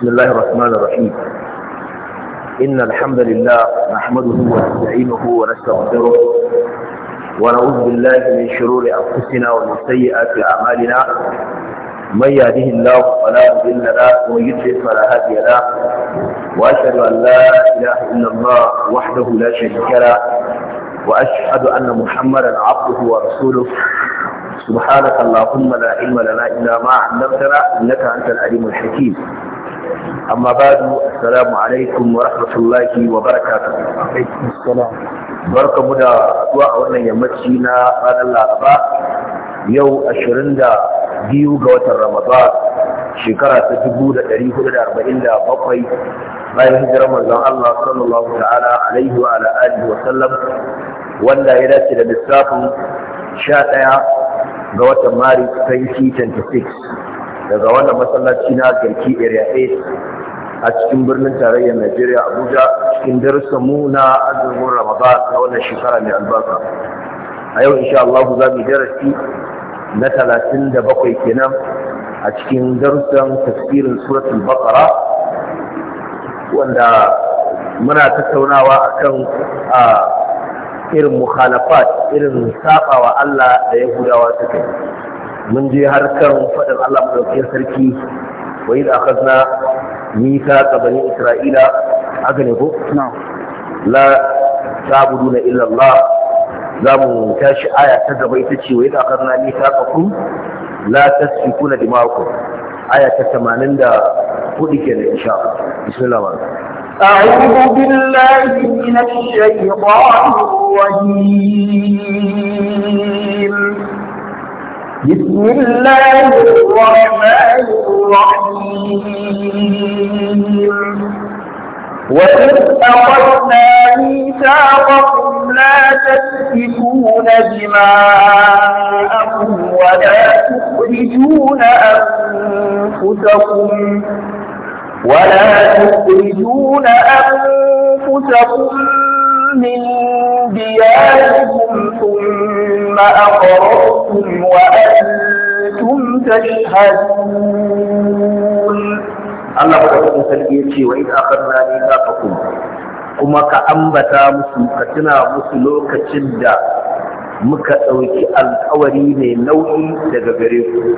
بسم الله الرحمن الرحيم إن الحمد لله نحمده ونستعينه ونستغفره ونعوذ بالله من شرور أنفسنا ومن سيئات أعمالنا من يهده الله فلا مضل له ومن يضلل فلا هادي له وأشهد أن لا إله إلا الله وحده لا شريك له وأشهد أن محمدا عبده ورسوله سبحانك اللهم لا علم لنا إلا ما علمتنا إنك أنت العليم الحكيم أما بعد السلام عليكم ورحمة الله وبركاته عليكم السلام بركة مدى دعاء وانا يمتشينا على الأربعاء يو أشرين ديو رمضان شكرا الأربعين bayan hijirar manzon Allah wa ala wa sallam ya dace da lissafin 11 ga watan 2026 daga wannan masallaci na Garki Area a cikin birnin tarayyar Najeriya Abuja cikin darussa mu na azumin Ramadan na wannan shekara mai albarka. A yau insha Allah za mu darasi na 37 kenan a cikin darussan tafsirin suratul Baqara wanda muna tattaunawa akan a irin mukhalafat irin sabawa Allah da Yahudawa suka yi. Mun je har kan faɗin Allah madaukakin sarki wa yi da nisa tsabani isra'ila aka ne ko la sabudu na illallah za mu tashi aya ta gaba ita ce wa yadda karna nisa kakun la ta suku na dimakon aya ta tamanin da kudi ke da isha bismillah ma'a أعوذ بالله من الشيطان الرجيم بسم الله الرحمن الرحيم وإذ أخذنا ميثاقكم لا تسفكون دماءكم ولا تخرجون أنفسكم ولا تخرجون أنفسكم من دياركم ثم أقرأتم وأنتم تشهدون الله قد أكون سلقيتي وإذ أخذنا ميثاقكم كما كأنبتا مسلم كتنا مسلو كتندا مكة أوكي الأورين نوعي لغبريكم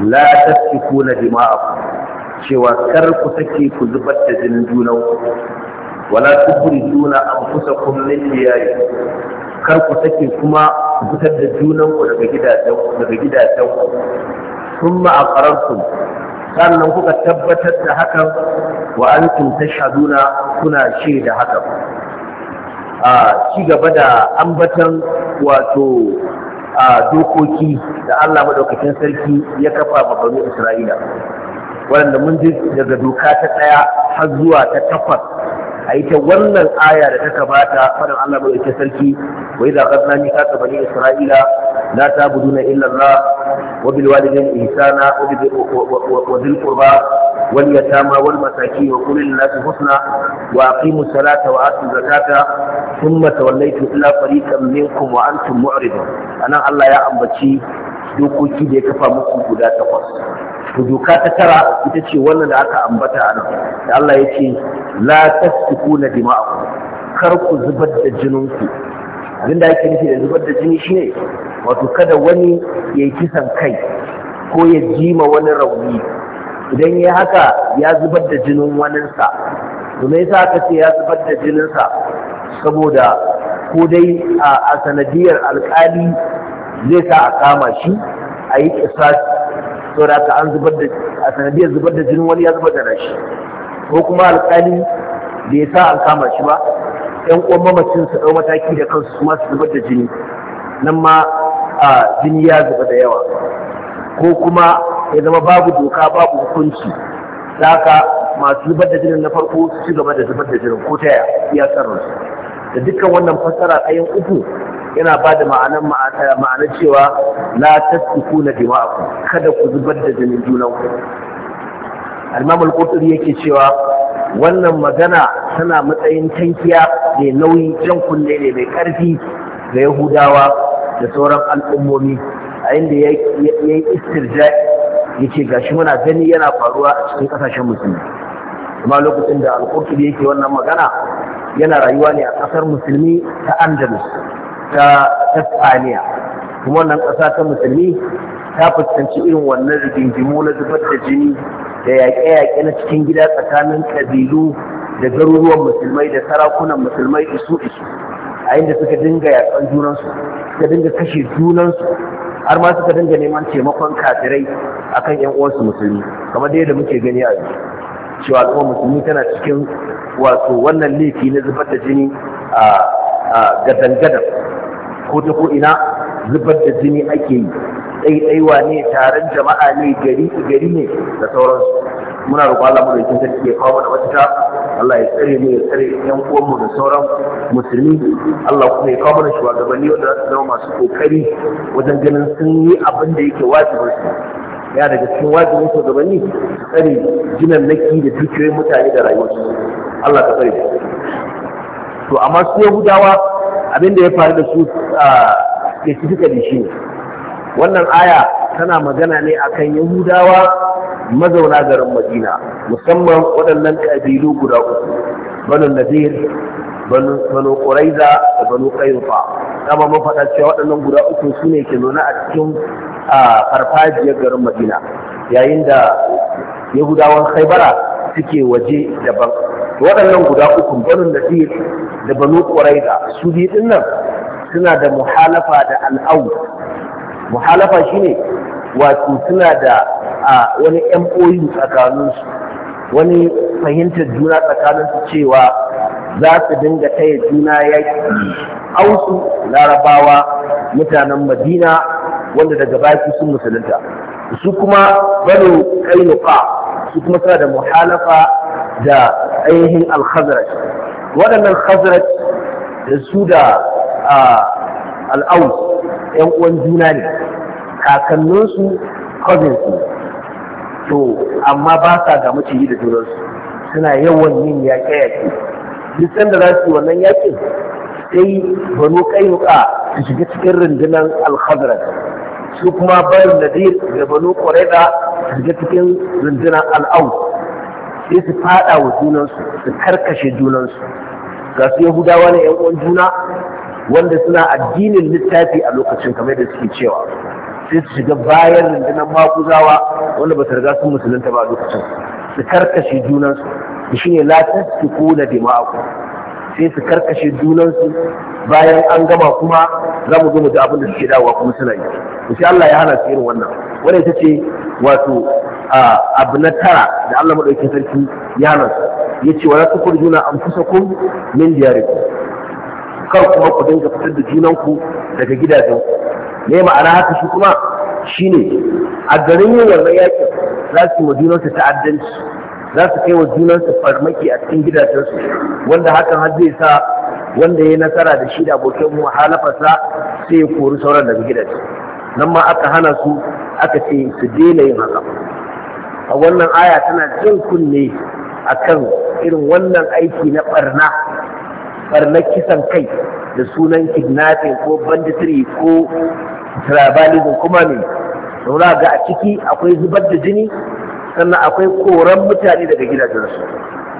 لا تسكون دماءكم شوى كركو تكي كذبت جنجونو wala tukhrijuna anfusakum min liyayi kar ku sake kuma fitar da junan ku daga gidajen daga gidajen ku thumma sannan kuka tabbatar da hakan wa antum tashhaduna kuna shaida hakan a ci gaba da ambatan wato a dokoki da Allah madaukakin sarki ya kafa ma bani Isra'ila wanda mun ji daga doka ta ɗaya, har zuwa ta takwas a yi ta wannan aya da ta gabata faɗin Allah mai ita sarki wa idza qadna mithaq bani isra'ila la ta'buduna illa Allah wa bil walidayni ihsana wa dhil qurba wal yatama wal masakin wa qul lin nasi husna wa aqimu salata wa atu zakata thumma tawallaytu illa fariqan minkum wa antum mu'ridun anan Allah ya ambaci dokoki da ya kafa muku guda takwas to doka ta tara ita ce wannan da aka ambata a nan da Allah ya ce la na dima'akum kar ku zubar da jininku abin da ake nufi da zubar da jini shine wato kada wani ya yi kisan kai ko ya jima wani rauni idan ya haka ya zubar da jinin waninsa domin yasa aka ce ya zubar da jininsa saboda ko dai a sanadiyar alkali zai sa a kama shi a yi kisasi saboda ka an zubar da a sanadiyar zubar da jinin wani ya zubar da rashi ko kuma alƙali bai sa an kama shi ba yan uwan mamacin su ɗau mataki da kansu su ma su zubar da jini nan ma a jini ya zuba da yawa ko kuma ya zama babu doka babu hukunci da haka masu zubar da jinin na farko su ci gaba da zubar da jinin ko ta yaya iya su? da dukkan wannan fassara a yan uku yana ba da ma'anar ma'anar cewa la tasfiku na dima'aku kada ku zubar da jinin junanku ku imam al-qurtubi yake cewa wannan magana tana matsayin tankiya mai nauyi jan kunne ne mai ƙarfi ga yahudawa da sauran al'ummomi a inda ya yi istirja ya ce gashi muna gani yana faruwa a cikin ƙasashen musulmi kuma lokacin da al-qurtubi yake wannan magana yana rayuwa ne a ƙasar musulmi ta andalus ta tasaniya kuma wannan ƙasa ta musulmi ta fuskanci irin wannan rigingimu na zubar da jini da yaƙe-yaƙe na cikin gida tsakanin ƙabilu da garuruwan musulmai da sarakunan musulmai isu isu a inda suka dinga yaƙan junansu suka dinga kashe junansu har ma suka dinga neman taimakon kafirai akan yan uwansu musulmi kamar da muke gani a yanzu cewa kuma musulmi tana cikin wato wannan laifi na zubar da jini a gadan-gadan ko ta ko ina zubar da jini ake yi ɗaiɗaiwa ne taron jama'a ne gari gari ne da sauransu muna roƙon Allah mu da sarki ya kawo mana mafita Allah ya tsare mu ya tsare yan uwanmu da sauran musulmi Allah kuma ya kawo mana shugabanni wanda za su zama masu kokari wajen ganin sun yi abin da yake wajibin su ya daga cikin wajibin shugabanni tsare naki da dukiyoyin mutane da rayuwarsu Allah ka tsare to amma su Yahudawa abin da ya faru da su a ci suka da shi wannan aya tana magana ne akan yahudawa mazauna garin madina musamman waɗannan ƙabilu guda uku banu nazir banu ƙuraiza da banu ƙairufa kama mun cewa waɗannan guda uku su ne ke nuna a cikin farfajiyar garin madina yayin da yahudawan khaibara suke waje daban waɗannan guda uku banin da da banu ƙuraida su biyu nan suna da muhalafa da al'au muhalafa shine wato suna da wani MOU tsakaninsu wani fahimtar juna tsakaninsu cewa za su dinga taya juna yaƙi ausu larabawa mutanen madina wanda daga baki sun musulunta su kuma banu kainuka su kuma suna da muhalafa da ainihin al-khazraj waɗannan khazraj da su da al'aus ‘yan uwan juna ne kakanninsu cousinsu to amma ba sa ga maciji da junansu suna yawan yin yaƙe-yaƙe duk sanda za su yi wannan yaƙin sai banu ƙayyuka su shiga cikin rundunar al-khazraj su kuma barin nadir da banu qurayza shiga cikin rundunar al'au sai su fada wa junansu su karkashe junansu ga su yahudawa ne yan uwan juna wanda suna addinin littafi a lokacin kamar da suke cewa sai su shiga bayan rundunar makuzawa wanda ba su riga sun musulunta ba a lokacin su karkashe junansu shi ne la su na dima'aku sai su karkashe junansu bayan an gama kuma za mu zo mu ji abin da suke dawowa kuma suna yi insha Allah ya hana su irin wannan wannan ita ce wato abu na tara da Allah madaukakin sarki ya hana su ya ce an kusa ku min diyarikum kar kuma ku dinga fitar da junanku daga gidajenku me ma'ana haka shi kuma shine a garin yin wannan yakin za su yi wa junansu ta'addanci za su kai wa junansu farmaki a cikin gidajensu wanda hakan har zai sa wanda ya nasara da shi da abokin halafarsa sai ya kori sauran daga gidaje nan ma aka hana su aka ce su daina yin haka a wannan aya tana jin kunne a kan irin wannan aiki na barna barna kisan kai da sunan kidnapping ko banditiri, ko tribalism kuma ne saura ga a ciki akwai zubar da jini sannan akwai koran mutane daga gidajensu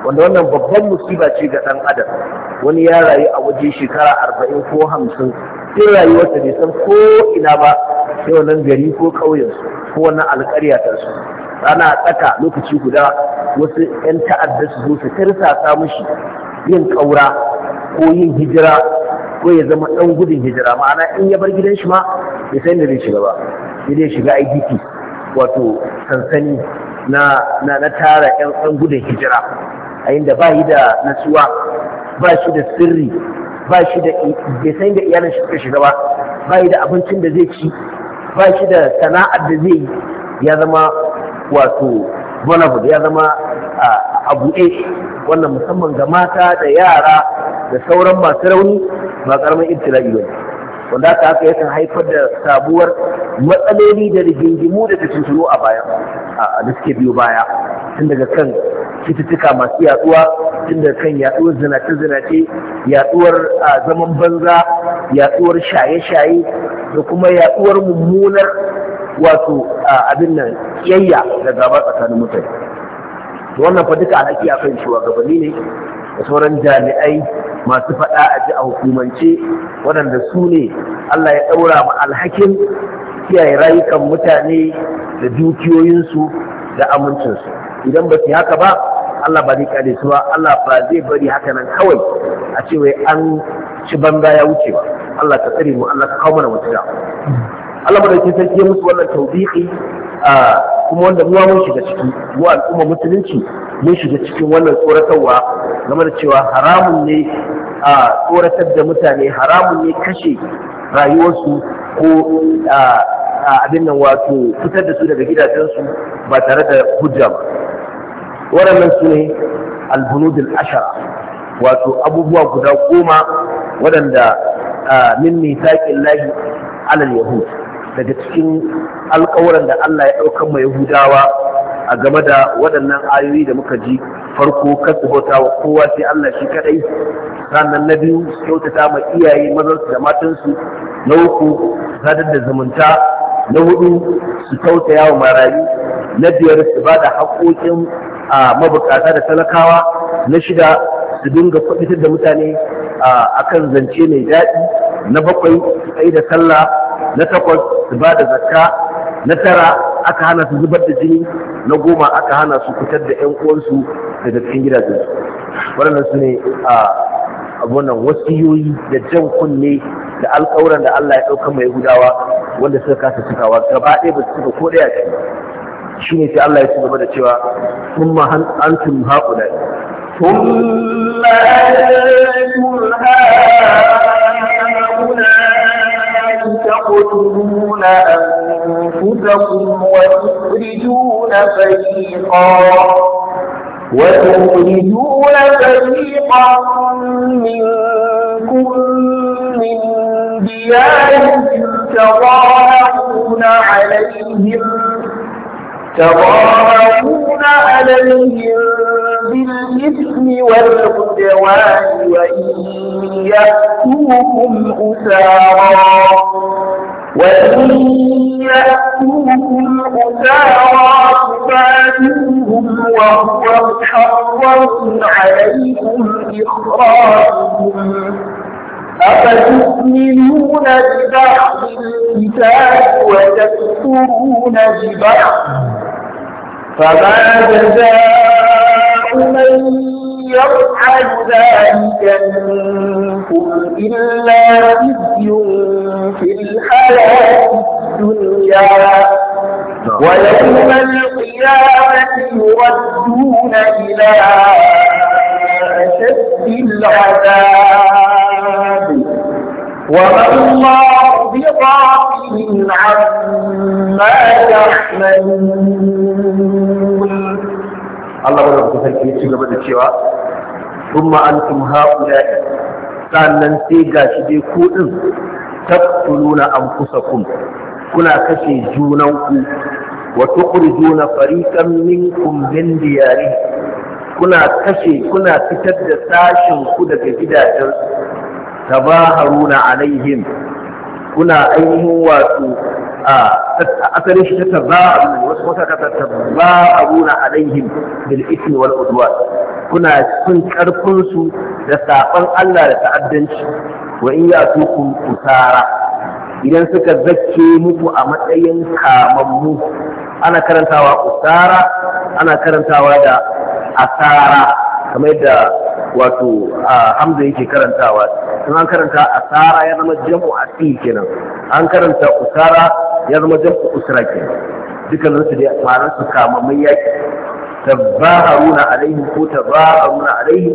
wanda wannan babban musiba ce ga ɗan adam wani ya rayu a waje shekara arba'in ko hamsin sai rayuwarsa bai san ko ina ba sai wannan gari ko ƙauyensu ko wannan alƙarya ana tsaka lokaci guda wasu 'yan ta'adda su zo su tirsasa mushi yin ƙaura ko yin hijira ko ya zama ɗan gudun hijira ma'ana in ya bar gidan shi ma bai san da zai shiga ba sai dai shiga IDP wato sansani na na tara ƴan yan gudun hijira a inda ba yi da nasuwa ba shi da sirri ba shi da bai san da iyalin shi suka shiga ba ba yi da abincin da zai ci ba shi da sana'ar da zai yi ya zama wato vulnerable ya zama a buɗe wannan musamman ga mata da yara da sauran masu rauni ba ƙaramin ibtila'i ba wanda haka haka yakan haifar da sabuwar matsaloli da rigingimu da ta tuntunu a baya da suke biyo baya tun daga kan cututtuka masu yaduwa tun daga kan yaduwar zinace-zinace yaduwar zaman banza yaduwar shaye-shaye da kuma yaduwar mummunar wato abin nan kiyayya da gaba tsakanin mutane wannan fa duka alhaki akan gabani ne da sauran jami'ai masu faɗa a ji a hukumance waɗanda su ne Allah ya ɗaura ma alhakin kiyaye rayukan mutane da dukiyoyinsu da amincinsu idan ba su haka ba Allah ba zai kare su ba Allah ba zai bari haka nan kawai a ce an ci banza ya wuce ba Allah ka tsare mu Allah ka kawo mana da. Allah da ke sarki musu wannan tawbiqi ah, kuma wanda ruwa mun shiga ciki mu al'umma musulunci mun shiga cikin wannan tsoratarwa game da cewa haramun ne a tsoratar da mutane haramun ne kashe rayuwarsu ko abin nan wato fitar da su daga gidajensu ba tare da hujja ba waɗannan su ne albunudul ashara wato abubuwa guda goma waɗanda min misaƙin lahi alal yahudu daga cikin alƙawuran da Allah ya ɗaukar ma Yahudawa a game da waɗannan ayoyi da muka ji farko kasu bauta wa kowa sai Allah shi kaɗai Ranar na biyu kyautata ma iyaye mazansu da matansu na uku sadar da zumunta na hudu su kyautaya wa marayu na biyar su ba da haƙoƙin a mabukata da talakawa na shida su dinga kwaɗitar da mutane a kan zance mai daɗi na bakwai su tsaye da sallah na takwas su ba da zakka na tara aka hana su zubar da jini na goma aka hana su fitar da 'yan uwansu daga cikin gidajensu waɗannan su ne a wannan wasiyoyi da jan kunne da alƙawuran da Allah ya ɗauka mai gudawa, wanda suka kasa cikawa gaba ɗaya ba su cika ko ɗaya shi ne sai Allah ya ci gaba da cewa sun ma antum ثم هؤلاء تقتلون أنفسكم وتخرجون فريقا وتخرجون فريقا منكم من ديارهم تظاهرون عليهم تظاهرون عليهم بالإثم والعدوان وإن يأتوكم أسارا وإن يأتوكم أسارا تفادوهم وهو محرم عليكم إخراجهم أفتؤمنون ببعض الكتاب وتكفرون ببعض فما جزاء ومن يفعل ذلك منكم إلا خزي في الحياة الدنيا ويوم القيامة يردون إلى أشد العذاب وما الله بغافل عما يعملون Allah ba da kuka sarki ci gaba da cewa sun ma'antum haƙula sannan sai gashi dai kuɗin tattuluna an kusa kun kuna kashe junanku wa tukhrijuna fariqan minkum min diyari kuna kashe kuna fitar da sashin ku daga gidajen tabaharuna alaihim kuna ainihin wato a asalin shi ta tabba'u wasu wata ta a na alaihim bil ismi wal udwan kuna cin karfin su da sabon Allah da ta'addanci wa in ya ya'tukum usara idan suka zakke muku a matsayin kamammu ana karantawa usara ana karantawa da asara kamar yadda wato hamza yake karantawa sun an karanta asara ya zama jam'u asil kenan an karanta usara ya zama jam'u usra kenan dukkan su dai ma'anar su kama mai yaki tabaharuna alaihi, ko tabaharuna alaihi,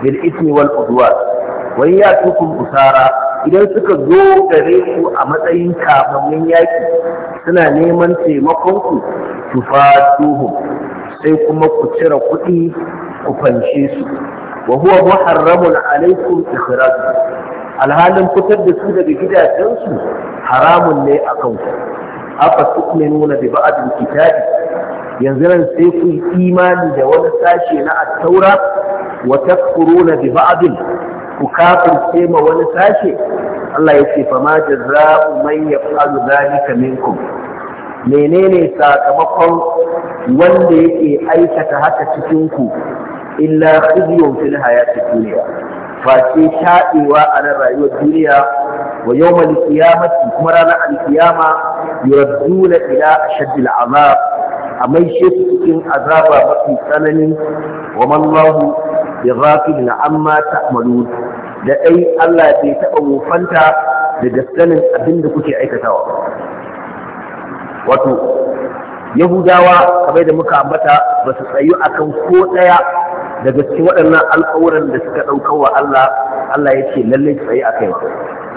bil ismi wal udwan wa yatukum usara idan suka zo gare ku a matsayin kamamman yaki suna neman taimakon ku tufatuhum sai kuma ku cire kuɗi ku fanshe su wa huwa muharramun alaikum ikhraju alhalin fitar da su daga gidajensu haramun ne a kan ku afa tu'minuna bi ba'dil kitabi yanzu nan sai ku imani da wani sashe na at-taura wa takfuruna bi ba'dil ku kafirce ma wani sashe Allah ya ce fa ma jazaa'u man yaf'alu dhalika minkum menene sakamakon wanda yake aikata haka cikin ku illa khizyun fil hayati dunya face taɗewa a nan rayuwar duniya wa yawmal qiyamati kuma ranar alkiyama yuradduna ila ashaddil azab a mai su cikin azaba mafi tsananin, wa mallahu bi na amma ta'malun da dai Allah bai taɓa wofanta da daskanin abin da kuke aikatawa wato yahudawa kamar da muka ambata ba su tsayu a kan ko ɗaya daga cikin waɗannan alƙawuran da suka ɗauka wa Allah Allah ya ce lallai tsaye a kai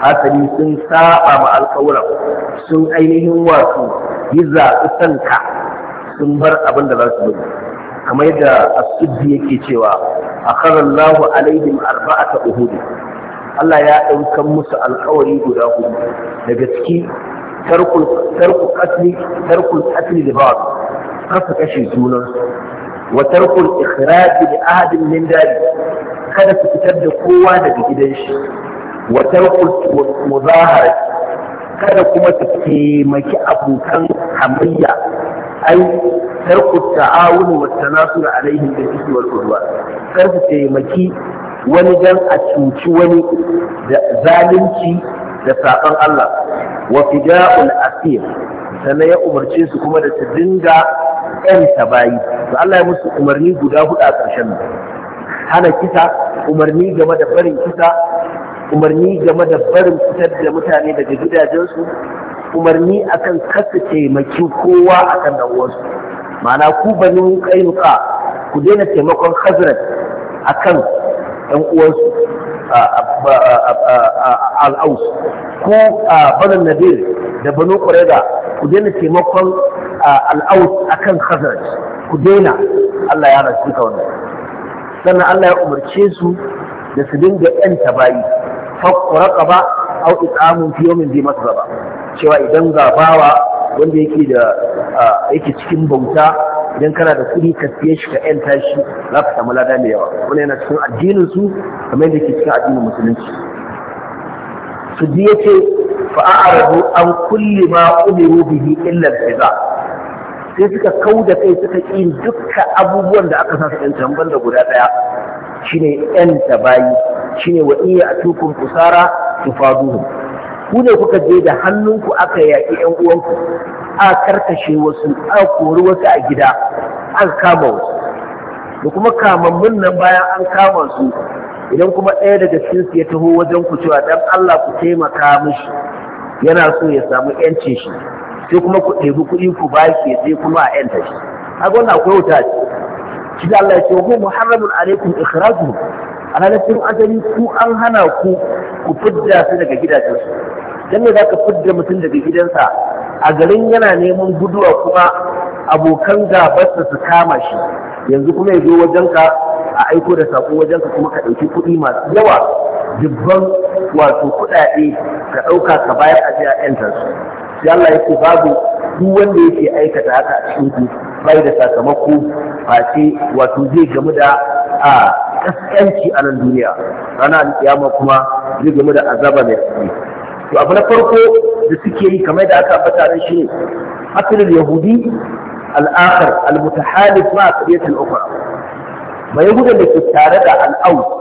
hasali sun saba ma alƙawuran sun ainihin wasu yi zaɓi sanka sun bar abin da za su bari kamar yadda asuddi yake cewa a lahu alaihim arba'ata uhudu Allah ya ɗaukan musu alƙawari guda hudu daga ciki tarkul tarku qatli tarkul qatli kafa kashe junan wa tarkul ikhraj li ahadin min dari kada su fitar da kowa daga gidan shi wa tarkul muzahara kada kuma su taimaki abokan hamayya ai tarku ta'awun wa tanasur alaihim bil ismi wal udwan kar su taimaki wani dan a cuci wani da zalunci da saban Allah wa fida'ul asir sannan ya umarce su kuma da su dinga ƴanta bayi to Allah ya musu umarni guda hudu a ƙarshen hana kisa umarni game da barin kisa umarni game da barin fitar da mutane daga gidajensu umarni akan kasa taimaki kowa akan dan uwansu ma'ana ku banu kainuka ku daina taimakon hazrat akan ɗan uwansu al'aus ko banan nadir da banu ƙwarega ku daina taimakon al'aus a kan khazaraj ku daina Allah ya rasu ka wannan sannan Allah ya umarce su da su dinga yanta bayi fakkuraka ba au fiye min yawmin bi masraba cewa idan ga bawa wanda yake da yake cikin bauta idan kana da kuɗi ka siye shi ka yanta shi za ka samu lada mai yawa wani yana cikin addinin su kamar yadda ke cikin addinin musulunci su biye ce fa'a'arabu an kulli ma umiru bihi illa fiza sai suka kau da kai suka ƙi dukka abubuwan da aka sa su yanta da guda ɗaya shine yanta bayi shine wa iya atukun kusara tufaduhum ku ne kuka je da hannunku aka yaƙi ƴan uwanku a karkashe wasu a kori wasu a gida an kama wasu da kuma kamammun nan bayan an kama su idan kuma ɗaya daga cikinsu ya taho wajen ku cewa dan Allah ku taimaka mishi yana so ya samu ƴancin shi sai kuma ku ɗebi kuɗi ku ke, sai kuma a ƴanta shi a wannan akwai wuta ce shi da Allah ya ce wa muharramun alaikum ikhrajuhum alalatin asali ku an hana ku ku fidda su daga gidajensu dan me zaka fidda mutum daga gidansa a garin yana neman guduwa kuma abokan gabarsa su kama shi yanzu kuma ya zo wajenka a aiko da sako wajenka kuma ka ɗauki kuɗi masu yawa dubban wato kuɗaɗe ka ɗauka ka bayar a jiya yantar su sai Allah yake babu duk wanda yake aikata haka a cikin ku bai da sakamako face wato zai gamu da a kaskanci a nan duniya ranar alƙiyama kuma zai gamu da azaba mai tsaye to abu na farko da suke yi kamar da aka fata ran shi asalul yahudi Al'akar, al-mutahalif ma qadiyatul ukhra ba yahuda da ke tare da al'au ɗan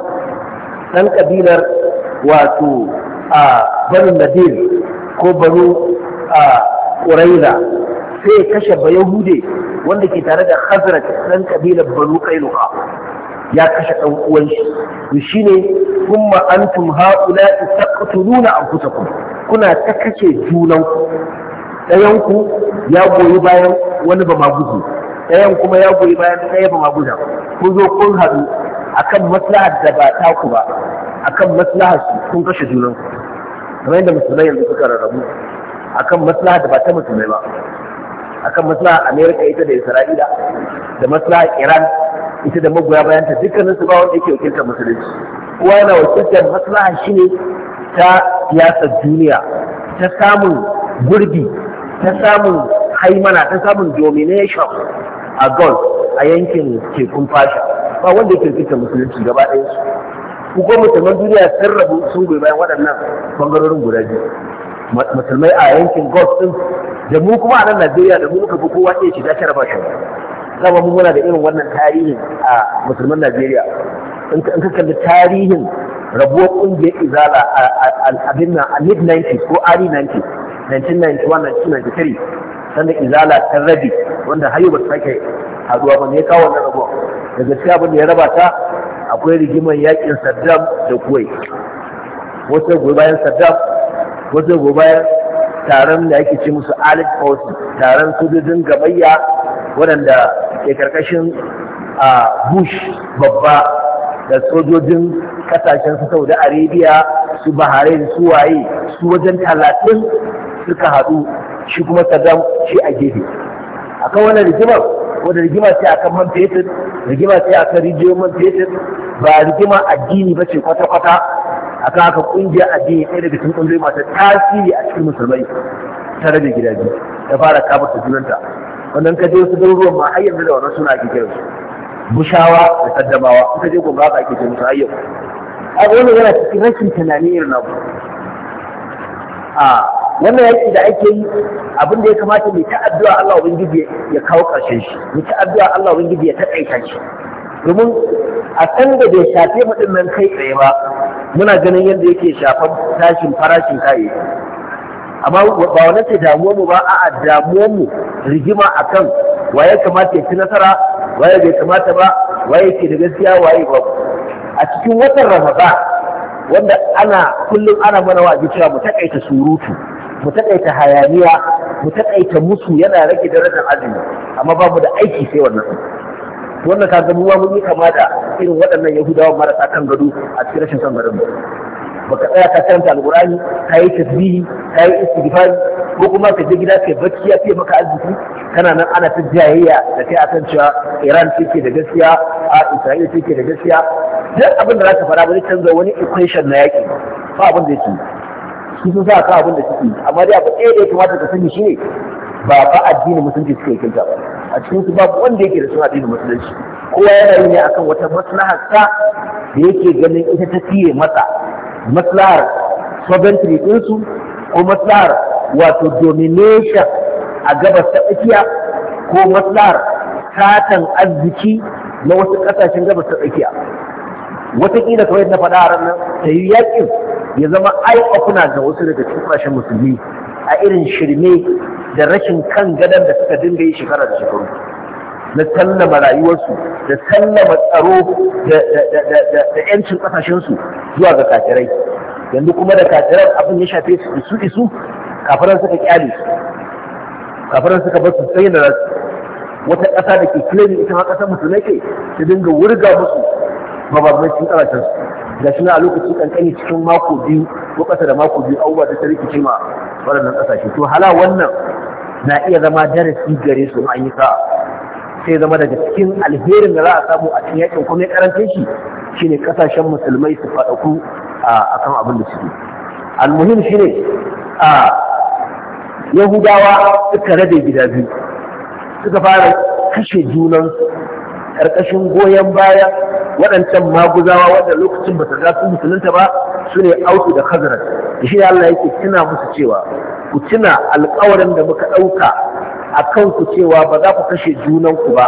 dan kabilar wato a banu nadir ko banu a quraiza sai kashe ba yahude wanda ke tare da khazraj dan kabilar banu kainuka ya kashe ɗan uwan shi to shine kuma antum haula taqtuluna anfusakum kuna ta kashe junanku ɗayan ku ya goyi bayan wani ba ma gudu ɗayan kuma ya goyi bayan ɗaya ba ma gudu kun zo kun haɗu akan maslaha da ba taku ba akan maslahar su kun kashe junanku kamar yadda musulmai yanzu suka rarrabu akan maslaha da ba ta musulmai ba akan maslaha amerika ita da isra'ila da maslaha iran ita da magoya bayanta dukkanin su ba wanda yake wakilta musulunci kowa yana wakiltar maslaha shi ne ta siyasar duniya ta samun gurbi ta samun haimana ta samun domination a gulf a yankin tekun fasha ba wanda yake wakilta musulunci gaba ɗaya su ko musulman duniya sun rabu sun goyi bayan waɗannan bangarorin guda biyu musulmai a yankin gulf din da mu kuma a nan najeriya da mu muka fi kowa iya shiga sharafa ba shi zama muna da irin wannan tarihin a musulman najeriya in ka kalli tarihin rabuwar ƙungiyar izala a abin a mid 90s ko early 90s 1991-1993 sanda izala ta rabi wanda har yau ba sake haduwa ba ne kawo wannan rabuwa da gaskiya abin da ya raba ta akwai rigimar yakin saddam da kuwait wata goyi bayan saddam wata goyi bayan taron da yake ce musu alex forces taron sojojin gabayya waɗanda ke karkashin a bush babba da sojojin kasashen su saudi arabia su bahrain su waye su wajen talatin suka haɗu shi kuma saddam shi a gefe akan wani rigimar wadda rigima ce akan man fetur rigima ce akan rijiyo man fetur ba rigima addini ba ce kwata-kwata akan haka kungiyar addini ɗaya daga cikin ƙungiyoyi masu tasiri a cikin musulmai ta rage gida biyu ta fara kafa ta junanta wannan kaje su garuruwan ma har yanzu da wannan suna ake kiransu bushawa da saddamawa suka je gobe haka ake kiransu har yau a wani yana cikin rashin tunani irin abu a wannan yaƙi da ake yi abin da ya kamata mai ta addu'a Allah ubangiji ya kawo ƙarshen shi mai ta addu'a Allah ubangiji ya taƙaita shi domin a san da bai shafe mu nan kai tsaye ba muna ganin yadda yake shafan tashin farashin kayayyaki amma ba wani ce damuwa mu ba a'a damuwa mu rigima akan waye kamata ya ci nasara waye bai kamata ba waye ke da gaskiya waye ba a cikin watan ramadan wanda ana kullum ana mana wa'azi cewa mu takaita surutu mu takaita hayaniya mu takaita musu yana rage darajar azumi amma ba mu da aiki sai wannan wannan kaga mu mun yi kama da irin waɗannan yahudawa marasa kan gado a cikin rashin kan gadon mu baka tsaya ka karanta alqur'ani ka yi tasbihi ka yi istighfar ko kuma ka je gida kai bacci ya fiye maka arziki kana nan ana ta jayayya da kai akan cewa Iran take da gaskiya a Isra'ila take da gaskiya duk abin da za ka fara ba zai canza wani equation na yaki ba abin da yake su sun sa ka abin da suke amma dai abu ɗaya da ya kamata ka sani shine ba ba addinin musulunci suke kinta ba a cikin su babu wanda yake da sun addinin musulunci kowa yana yi ne akan wata maslahar sa da yake ganin ita ta fiye masa maslahar sovereignty ɗinsu ko maslahar wato domination a gabas ta tsakiya ko maslahar satan arziki na wasu ƙasashen gabas ta tsakiya wataƙila kamar na faɗa a ranar ta yi yaƙin ya zama ai ofuna ga wasu daga cikin ƙasashen musulmi a irin shirme da rashin kan gadon da suka dinga yi shekarar da shekaru na sallama rayuwarsu da sallama tsaro da yancin ƙasashensu zuwa ga kafirai yanzu kuma da kafiran abin ya shafe su isu isu kafiran suka kyale su kafiran suka bar su tsaye da rasu wata ƙasa da ke kilani ita ma ƙasar musulmai ke ta dinga wurga musu babban cikin ƙarashen su ga shi na a lokaci ƙanƙani cikin mako biyu ko ƙasa da mako biyu abubuwa da ta rikice ma waɗannan ƙasashe to hala wannan na iya zama darasi gare su an yi sa'a sai zama daga cikin alherin da za a samu a cikin yakin kuma ya karance shi shine kasashen musulmai su faɗaku a kan abin da suke almuhim shine a yahudawa suka rabe gida biyu suka fara kashe junan ƙarƙashin goyon baya waɗancan maguzawa wanda lokacin ba ta ga su musulunta ba su ne auki da hazarar da shi Allah yake tuna musu cewa ku tuna alƙawarin da muka ɗauka a kanku cewa ba za ku kashe junanku ba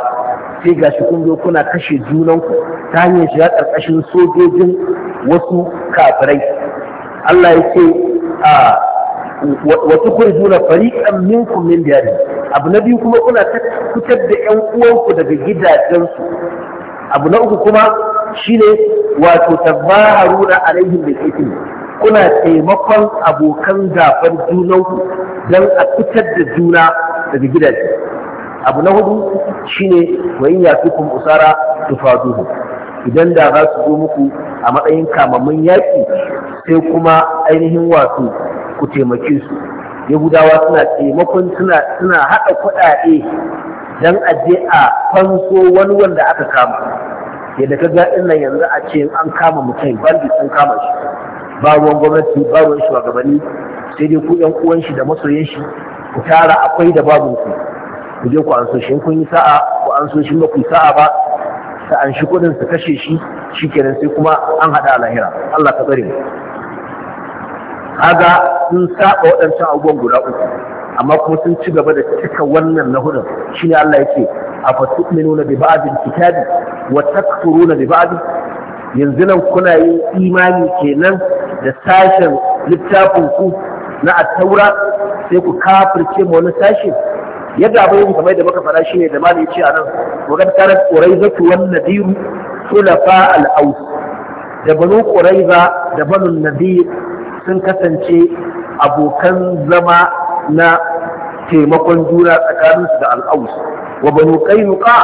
sai ga shi kun zo kuna kashe junanku ta hanyar shiga ƙarƙashin sojojin wasu kafirai Allah ya ce a wata juna fariƙan minkum min diyari abu na biyu kuma kuna fitar da ƴan uwanku daga gidajensu abu na uku kuma shine wato tazaharuna alaihim da ismi kuna taimakon abokan gafar junanku don a fitar da juna daga gidaje abu na hudu shine wa in yafikum usara tufaduhu idan da za su zo muku a matsayin kamamin yaƙi sai kuma ainihin wasu ku taimake su yahudawa suna taimakon suna haɗa kuɗaɗe don a je a fanso wani wanda aka kama yadda ka ga nan yanzu a ce an kama mutum bandit sun kama shi ba ruwan gwamnati ba ruwan shugabanni sai dai ku yan uwan shi da masoyan shi ku tara akwai da babu ku ku je ku an so shi kun yi sa'a ku an so shi ba ku sa'a ba ta an shi kudin su kashe shi shikenan sai kuma an hada lahira Allah ka tsare mu kaga sun saba waɗancan abubuwan guda uku amma kuma sun ci gaba da cika wannan na hudun shine Allah yake a minuna bi al kitabi wa takfuruna bi ba'd yanzu nan kuna yin imani kenan da sashen littafin ku na attaura sai ku kafirce ma wani sashen yadda abin yin kamar da muka fara shi ne da ya ce a nan wagan karar ƙuraiza tuwan nadiru sulafa al'aus da banu ƙuraiza da banu Nadiru sun kasance abokan zama na taimakon juna tsakaninsu da al'aus wa banu ƙainuka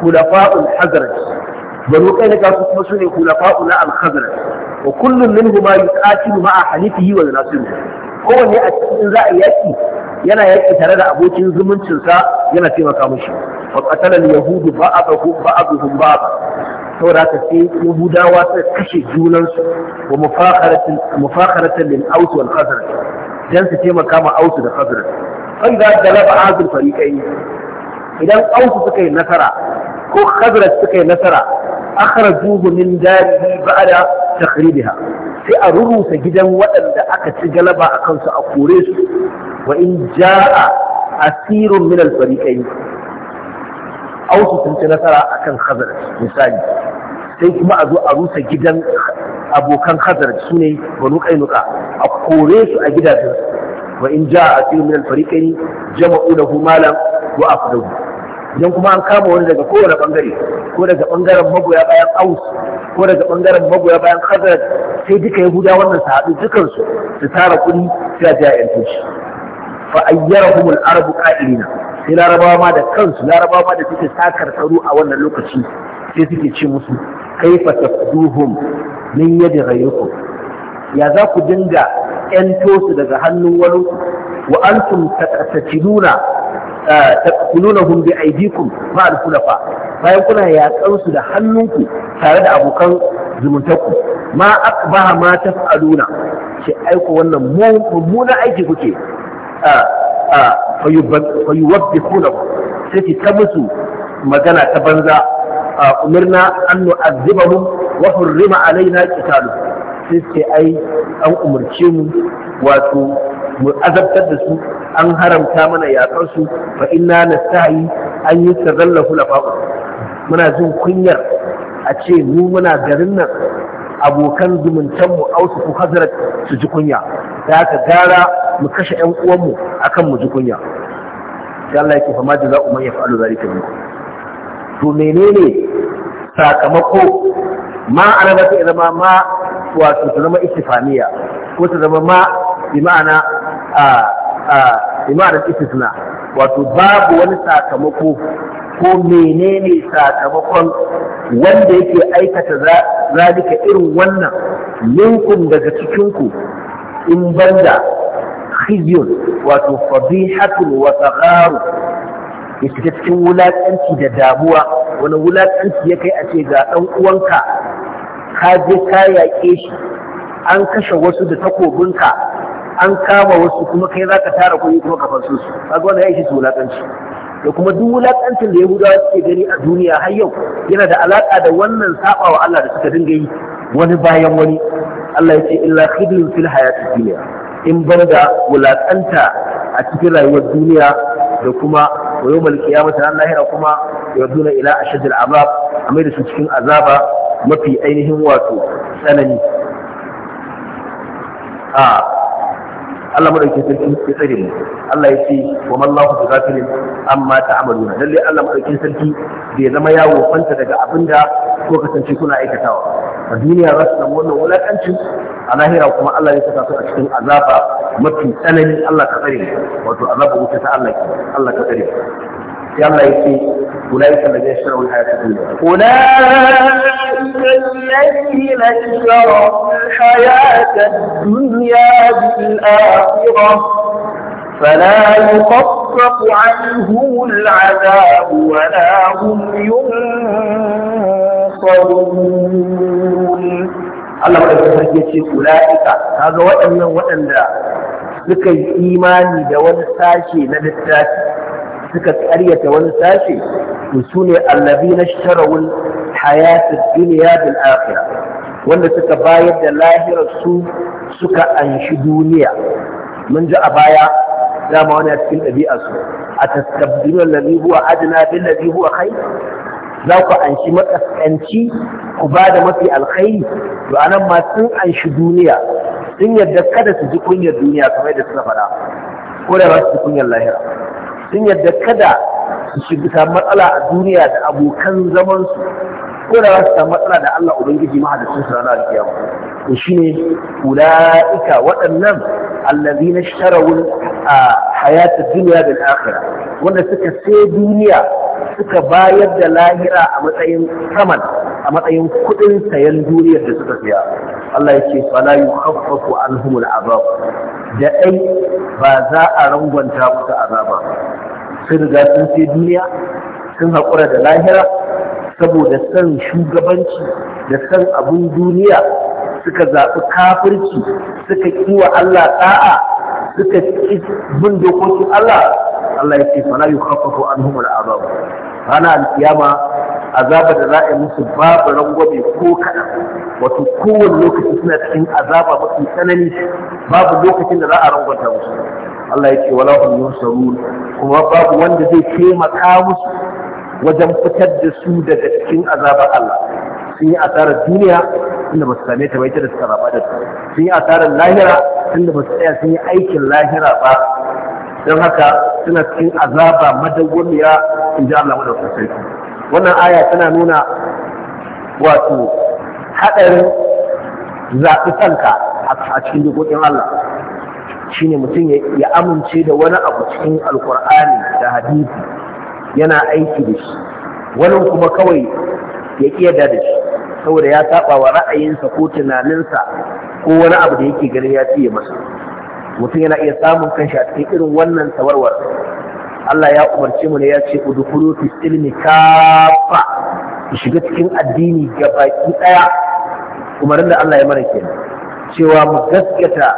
kulafa'ul hazarci بنو qainaka su kuma sune لا الخضر وكل منهما يتآكل مع حليفه yuqatilu هو ني اكن ذا kowanne yana yake tare da abokin zumuncin sa yana taimaka mushi wa qatala al-yahudu ba'dahu ba'dhum to da ta ce yahudawa ta kashe junan su wa mufakharatin mufakharatin lil aus wal khazra dan su taimaka ma aus da khazra an da galaba azul fariqai idan aus suka yi nasara ko khazra suka yi nasara akhrajuhu min darihi ba'da takhribiha sai a rurusa gidan waɗanda aka ci galaba a kansu a kore su wa in ja'a asirun min al-fariqayn aw su sun nasara akan khazaraj misali sai kuma a zo a rusa gidan abokan khazaraj sune banu qainuqa a kore su a gidajensu in min jama'u lahu malan wa afdahu idan kuma an kama wani daga kowane bangare ko daga bangaren magoya bayan aus ko daga bangaren magoya bayan khazraj sai duka yahuda wannan su dukansu su tara kuɗi sai a ji a yanto shi fa ayyarahum al-arabu qa'ilina sai larabawa ma da kansu larabawa ma da suke sakar a wannan lokaci sai suke ce musu kaifa tafduhum min yadi ghayrikum ya za ku dinga yanto daga hannun wani wa antum nuna. Eh, taqtulunahum bi aydikum ma al-khulafa bayan kuna yakan su da hannunku tare da abokan zumuntarku ma akbaha ma taf'aluna ce aiko wannan mummuna aiki kuke eh, eh, fayuwabbihuna sai ki ta musu magana ta banza umirna an nu'azzibahum wa hurrima alaina qitalu sai ce ai an umarce mu wato mu azabtar da su an haramta mana yaƙar su fa inna nastahi an yi sarralla hulafa'u muna jin kunyar a ce mu muna garin nan abokan zumuntanmu ausu ko hazrat su ji kunya da haka gara mu kashe 'yan uwanmu akan mu ji kunya sai Allah yake fama da za za'u man yaf'alu zalika minkum to menene sakamako ma ana ba ta zama ma wato ta zama istifaniya ko ta zama ma bi ma'ana imarar istisna wato babu wani sakamako ko menene sakamakon wanda yake aikata zalika irin wannan minkum daga cikinku in banda khizyun wato fadihatun wa tsakaru ya cikin wulaƙanci da damuwa wani wulaƙanci ya kai a ce ga ɗan uwanka ka je ka yaƙe shi an kashe wasu da takobinka an kama wasu kuma kai za ka tara kuɗi kuma ka fansu su kaga wannan ya ishe su wulaƙanci da kuma duk wulaƙancin da ya yahudawa suke gani a duniya har yau yana da alaƙa da wannan saɓa wa Allah da suka dinga yi wani bayan wani Allah ya ce illa khidlun fil hayati dunya in bar da wulaƙanta a cikin rayuwar duniya da kuma wa yawmal qiyamati na lahira kuma yaduna ila ashadil azab mai da su cikin azaba mafi ainihin wato tsanani a ah, Allah madaukakin sarki ya tsare mu Allah ya ce wa mallahu bighafilin amma ta'maluna lalle Allah madaukakin sarki bai zama yawo fanta daga abinda ko kasance kuna aikatawa a duniya za su wannan wulakancin a lahira kuma Allah ya saka su a cikin azaba mafi tsanani Allah ka tsare wato azaba wuta ta Allah Allah ka tsare يلا سيدي أولئك الذين اشتروا الحياة الدنيا أولئك الذين اشتروا الحياة الدنيا بالآخرة فلا يخفف عنهم العذاب ولا هم ينصرون الله maɗaukar ya ce أولئك هذا وأن وأن لكي إيماني imani da wani sashe suka karyata wani sashe to su ne allazi na sharawun hayatun duniya bil akhira wanda suka bayar da lahirar su suka anshi duniya mun ji a baya dama wani a cikin ɗabi'a su a tastabdinu allazi huwa adna bil ladhi huwa kai, za ku anshi makaskanci ku ba da mafi alkhairi to anan ma sun anshi duniya sun yadda kada su ji kunyar duniya kamar da suka faɗa ko da ba su ji kunyar lahira sun yadda kada su shiga samu matsala a duniya da abokan zaman su ko da su matsala da Allah ubangiji mahadacin su ranar alkiyama to shine ulaika waɗannan allazina sharawul hayata duniya da akhirah wanda suka sai duniya suka bayar da lahira a matsayin saman a matsayin kudin sayan duniyar da suka siya Allah ya ce fala yukhaffafu anhumul azab da ɗai ba za a rangwanta musu azaba sun riga sun ce duniya sun haƙura da lahira saboda san shugabanci da san abin duniya suka zaɓi kafirci suka kiwa Allah ɗa'a suka bin dokokin Allah Allah ya ce fala yukhaffafu anhum ana al alkiyama azaba da za a yi musu babu rangwame ko kaɗan wato kowane lokaci suna cikin azaba mafi tsanani babu lokacin da za a rangwata musu Allah ya ce wala hum yunsarun kuma babu wanda zai taimaka musu wajen fitar da su daga cikin azabar Allah sun yi asarar duniya tunda ba su same ta ba ita da suka raba da sun yi asarar lahira tunda ba su tsaya sun yi aikin lahira ba don haka suna cikin azaba madawwamiya in ji Allah madawwamiyar sarki wannan aya tana nuna wato haɗarin zaɓi kanka a cikin dokokin Allah shine mutum ya amince da wani abu cikin alkur'ani da hadisi yana aiki da shi wani kuma kawai ya iya da shi saboda ya saba wa ra'ayinsa ko tunaninsa ko wani abu da yake ganin ya ciye masa mutum yana iya samun kanshi a cikin irin wannan tawarwar Allah ya umarce mu ne ya ce udkhulu fi ilmi kafa ki shiga cikin addini gabaki daya umarin da Allah ya mana kenan cewa mu gaskata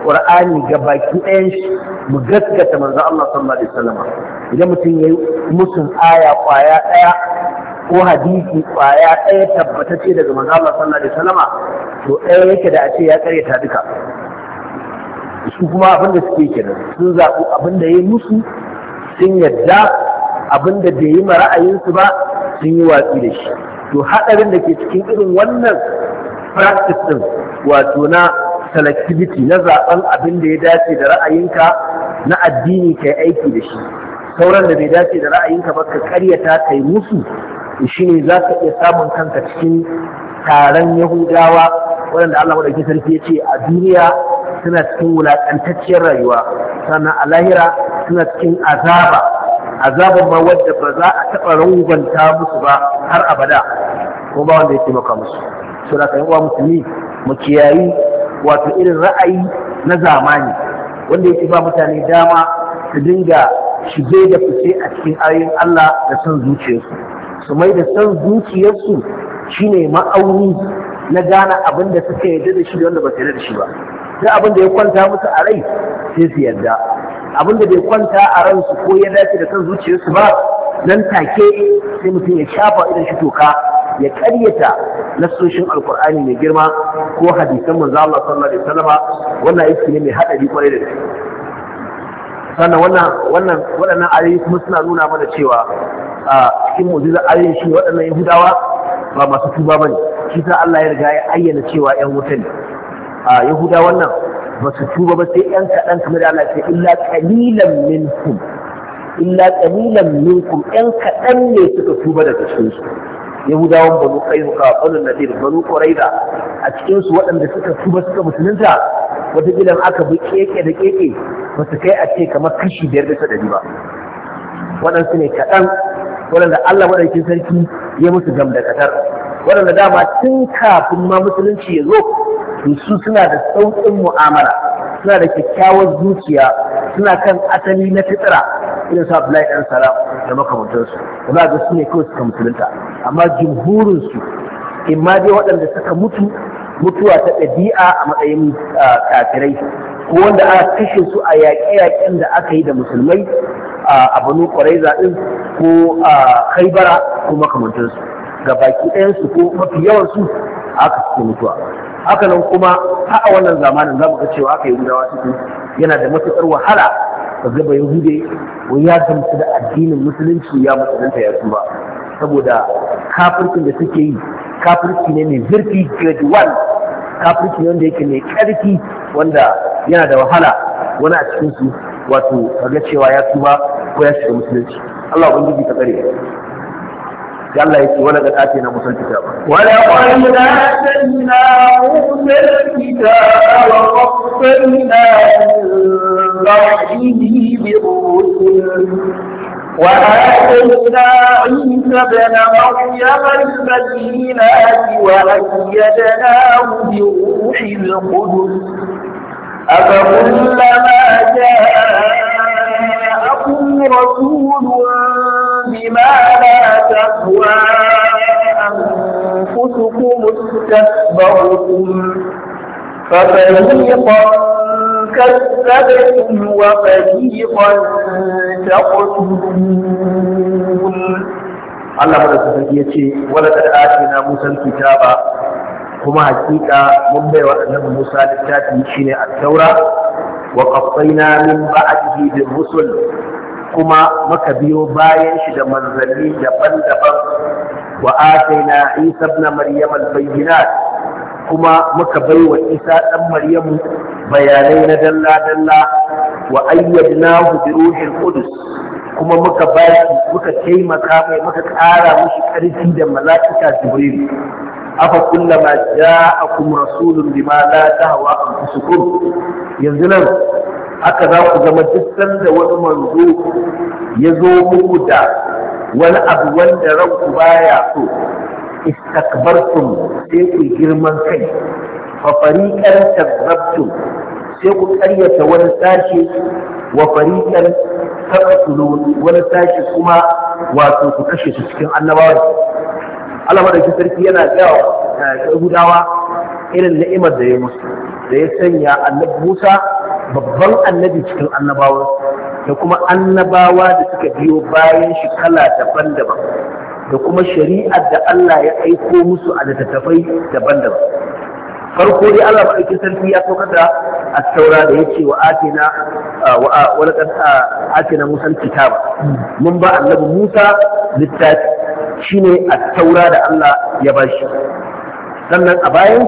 Qur'ani gabaki ɗayan shi mu gaskata manzo Allah sallallahu alaihi wasallam idan mutum yayi musun aya kwaya daya ko hadisi kwaya ɗaya tabbatacce daga manzo Allah sallallahu alaihi wasallam to ɗaya yake da a ce ya karyata duka su kuma abin da suke kenan sun zaɓi abin da ya musu sun yadda abinda bai yi ra'ayinsu ba sun yi watsi da shi to haɗarin da ke cikin irin wannan practice ɗin wato na selectivity na zaɓen abin da ya dace da ra'ayinka na addini kai aiki da shi sauran da bai dace da ra'ayinka ba ka karyata kai musu shi ne za ka iya samun kanka cikin taron yahudawa waɗanda Allah maɗauki sarki ya ce a duniya suna cikin wulaƙantacciyar rayuwa sannan a lahira suna cikin azaba azaban ma wadda ba za a taɓa rangwanta musu ba har abada ko ba wanda ya taimaka musu suna kan uwa musulmi mu kiyayi wato irin ra'ayi na zamani wanda yake ba mutane dama su dinga shige da fice a cikin ayoyin Allah da son zuciyarsu su mai da son zuciyarsu Shi ne ma'auni na gane abin da suka yarda da shi da wanda ba su yarda da shi ba duk abin da ya kwanta musu a rai sai su yarda abin da bai kwanta a ransu ko ya dace da kan zuciyarsu ba nan take sai mutum ya shafa idan shi toka ya karyata nasoshin alkur'ani mai girma ko hadisan manzo Allah sallallahu alaihi wannan aiki ne mai hadari kwarai da gaske sannan wannan waɗannan ayoyi kuma suna nuna mana cewa a cikin mu'jiza ayoyin shi waɗannan Yahudawa ba masu tuba ba ne. shi sa Allah ya riga ya ayyana cewa ƴan wuta ne a yahuda wannan ba su tuba ba sai 'yan kaɗan kamar da Allah ya ce illa qalilan minkum illa qalilan minkum ƴan kaɗan ne suka tuba daga cikin su yahudawan banu qainuqa banu nadir banu quraida a cikin su waɗanda suka tuba suka musulunta wataƙila aka bi keke da keke ba su kai a ce kamar kashi biyar da ɗari ba waɗansu ne kaɗan waɗanda Allah maɗaukin sarki ya musu ƙasar. waɗanda dama tun kafin ma musulunci ya zo su suna da sauƙin mu'amala suna da kyakkyawar zuciya suna kan asali na fitra irin su Abdullahi ɗan Salam da makamantansu za ga su ne kawai suka musulunta amma in ma dai waɗanda suka mutu mutuwa ta ɗabi'a a matsayin ah, kafirai ko wanda aka kashe su a yaƙe-yaƙen da aka yi da musulmai a banu ƙwaraiza din, ko a haibara ko makamantansu ga baki ɗayansu ko mafi yawansu aka suke mutuwa haka nan kuma har a wannan zamanin za mu ga cewa aka yi gudawa suke yana da matuƙar wahala ka gaba yahude wani ya gamsu da addinin musulunci ya musulunta ya ba. saboda kafirkin da suke yi kafirci ne mai zurfi grade one kafirci ne wanda yake mai ƙarfi wanda yana da wahala wani a cikinsu wato kaga cewa ya tuba ko ya shiga musulunci Allah ubangiji ka tsare sai Allah yake wala ga tace na musulunci ta ba wala qulna sanna usul kitaba wa qaffalna ba'dihi bi rusul وآتينا عيسى ابن مريم البينات وأيدناه بروح القدس أفكلما جاءكم رسول بما لا تهوى أنفسكم استكبرتم ففريقا كذبتم وفريقا تقتلون الله مدى سبحانه يتي ولقد آتينا موسى الكتاب kuma hakika mun bai wa annabi Musa littafi shine at-taura wa qaffayna min ba'dihi bil rusul kuma muka biyo bayan shi da manzanni daban-daban wa ataina Isa ibn Maryam al-bayyinat kuma muka bai wa Isa dan Maryam bayanai na dalla-dalla wa ayyadnahu bi ruhil qudus kuma muka shi muka taimaka mai muka ƙara mushi ƙarfi da mala'ika jibril afa kullama ja'akum rasulun bima la tahwa anfusukum yanzu nan haka za ku zama duk sanda wani manzo ya zo muku da wani abu wanda ranku baya so istakbartum sai ku girman kai fa fariqan kadzabtum sai ku ƙaryata wani sashi wa fariqan taqtulun wani sashi kuma wato ku kashe su cikin annabawa Allah madaukakin sarki yana ga eh, Yahudawa irin ni'imar da ya musu da ya sanya annabi Musa babban annabi cikin annabawa da kuma annabawa da suka biyo bayan shi kala daban-daban da kuma shari'ar da Allah ya aiko musu a littattafai daban-daban farko dai Allah madaukakin sarki ya saukar da at-taura da yace wa atina wa laqad atina Musa kitaba mun ba annabi Musa littafi shine at-taura da Allah ya bashi sannan a bayan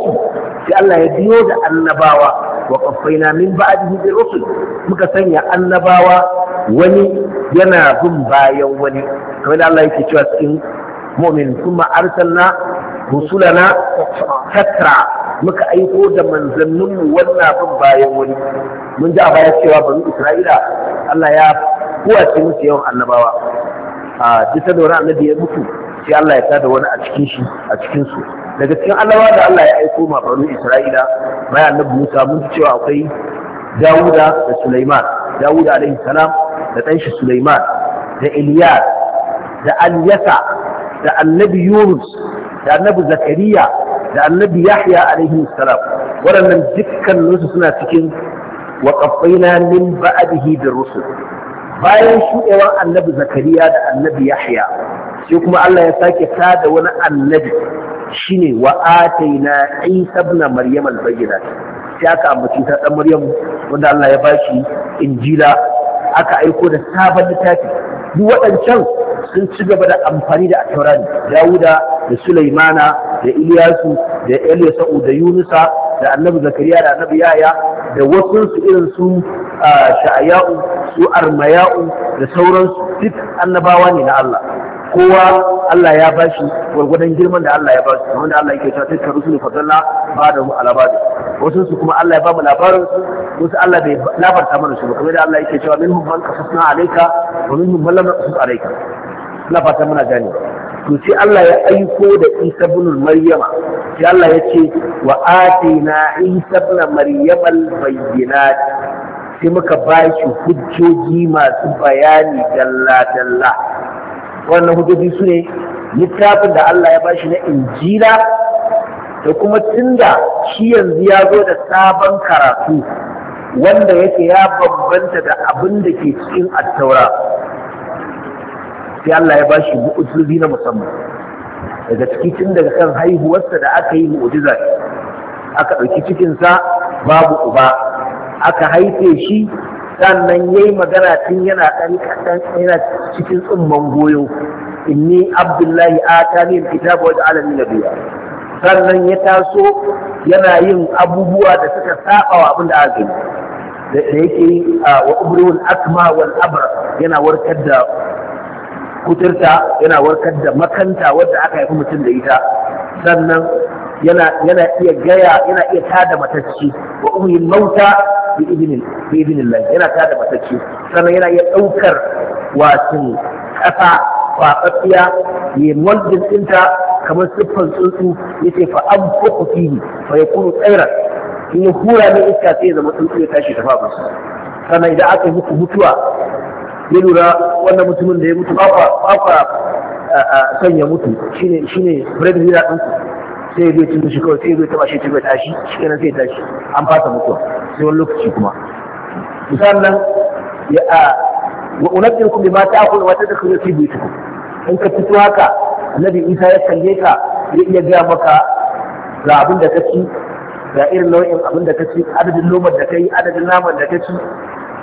sai Allah ya biyo da annabawa wa qaffaina min ba'dihi bi rusul muka sanya annabawa wani yana bin bayan wani kamar da Allah yake cewa cikin mu'min kuma arsalna rusulana tatra muka aiko da manzanninmu wannan abin bayan wani mun ji a baya cewa banu isra'ila Allah ya kuwace musu yawan annabawa a duk da wani annabi ya mutu sai Allah ya tada wani a cikin shi a cikin su daga cikin annabawa da Allah ya aiko ma banu isra'ila bayan annabi Musa mun ji cewa akwai Dawuda da Sulaiman Dawuda alaihi salam da ɗan shi Sulaiman da Iliyas da Aliyasa da annabi Yunus da annabi Zakariya da annabi yahya alaihi salam waɗannan dukkaninsu suna cikin waƙafaina min ba'dihi da rusul bayan shuɗewar annabi zakariya da annabi yahya sai kuma Allah ya sake tada wani annabi shine wa ataina isa ibn maryam al sai aka ambaci ta dan maryam wanda Allah ya bashi injila aka aiko da sabon littafi duk waɗancan sun ci gaba da amfani da taurari dawuda da Sulaimana da Iliyasu da Elisa'u da Yunusa da Annabi Zakariya da Annabi Yahya da wasu su irin su Sha'aya'u su Armaya'u da sauransu duk annabawa ne na Allah kowa Allah ya bashi gwargwadon girman da Allah ya bashi wanda Allah yake cewa tilka rusulu fadalla ba da mu al'abari. wasu su kuma Allah ya ba mu labarin su wasu Allah bai labarta mana su kamar da Allah yake cewa minhum man qasasna alayka wa minhum man lam naqsus alayka ina fata muna gane to sai Allah ya aiko da Isa ibn Maryama sai Allah ya ce wa atina Isa ibn Maryama al-bayyinat sai muka ba shi hujjoji masu bayani dalla dalla wannan hujjoji su ne littafin da Allah ya ba shi na Injila da kuma tunda shi yanzu ya zo da sabon karatu wanda yake ya bambanta da abin da ke cikin attaura sai Allah ya shi mu'ujizozi na musamman daga ciki tun daga kan haihuwarsa da aka yi mu'ujiza aka ɗauki cikinsa babu uba aka haife shi sannan ya yi magana tun yana ɗan yana cikin tsumman goyo inni abdullahi atani alkitabu wa ja'ala min nabiyya sannan ya taso yana yin abubuwa da suka saba wa abin da aka yi da yake wa ubrul akma wal abra yana warkar da kuturta yana warkar da makanta wadda aka haifi mutum da ita sannan yana iya gaya yana iya tada matacci wa umil mauta bi idinin yana tada matacci sannan yana iya daukar wato kasa kwatsattiya ya moldin dinta kamar siffan tsuntsu ce fa anfuqu fihi fa yakunu tsairan in ya hura ne iska sai ya zama tsuntsu ya tashi ta musu sannan idan aka yi muku mutuwa ya lura wannan mutumin da ya mutu akwa son ya mutu shine shine bread winner din sai ya ci mishi kawai sai ya taba shi tuba tashi shi kenan sai ya tashi an fasa mutuwa sai wani lokaci kuma misalan ya a wa unabbiukum bima ta'kulu wa tadkhulu fi buyutikum in ka fito haka annabi Isa ya kalle ka ya iya gaya maka ga abin da ka ci ga irin nau'in abin da ka ci adadin lomar da ka yi adadin naman da ka ci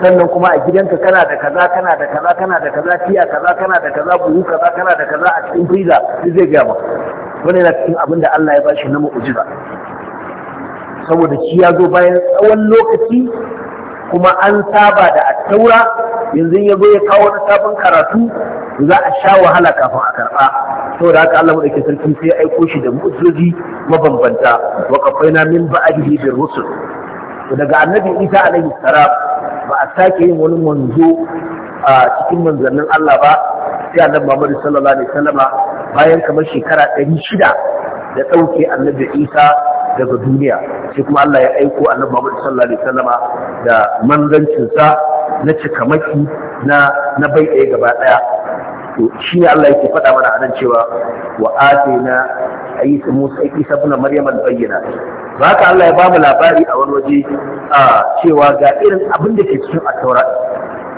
sannan kuma a gidanka kana da kaza kana da kaza kana da kaza tiya kaza kana da kaza buhu kaza kana da kaza a cikin friza duk zai gaya maka wannan yana cikin abin da Allah ya bashi na mu'jiza saboda shi ya zo bayan tsawon lokaci kuma an saba da attaura yanzu ya zo ya kawo wani sabon karatu za a sha wahala kafin a karɓa saboda haka Allah ke sarki sai ya aiko shi da mu'jizoji mabambanta wa qafaina min ba'dihi bir rusul daga annabi isa alaihi salam ba a sake yin wani manzo a cikin manzannin Allah ba sai annabi Muhammad sallallahu alaihi wasallama bayan kamar shekara ɗari shida, da ɗauke annabi isa daga duniya sai kuma Allah ya aiko annabi Muhammad sallallahu alaihi wasallama da manzancinsa na cikamaki na na bai ɗaya gaba ɗaya to shi ne Allah yake faɗa mana a nan cewa wa'adina na. حديث موسى عيسى ابن bayyana. Ba haka Allah ya ba mu labari a wani waje a cewa ga irin abin da ke cikin attaura.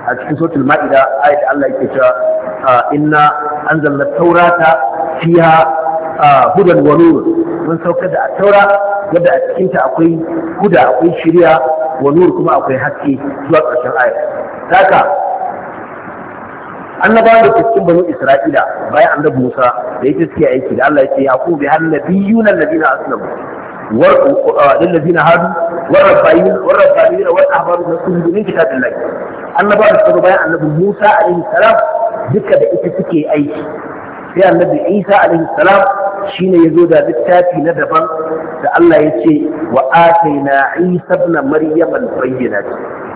a cikin suratul ma'ida ayat Allah yake cewa inna anzalna taurata fiha hudan wa nur mun saukar da attaura, taura yadda a cikin ta akwai huda akwai shiriya wa nur kuma akwai haske zuwa ƙarshen ayat haka annabawan da ke cikin bani isra'ila bayan annabi musa da yake suke aiki da allah ya ce yaqu bi annabiyun allazina aslamu للذين هادوا والربانيين والربانيين والأحبار المسلمين من كتاب الله annabawa da suka bayan annabi Musa alaihi salam duka da ita suke aiki sai annabi Isa alaihi salam shine zo da littafi na daban da Allah ya ce wa ataina Isa ibn Maryam al-bayyinat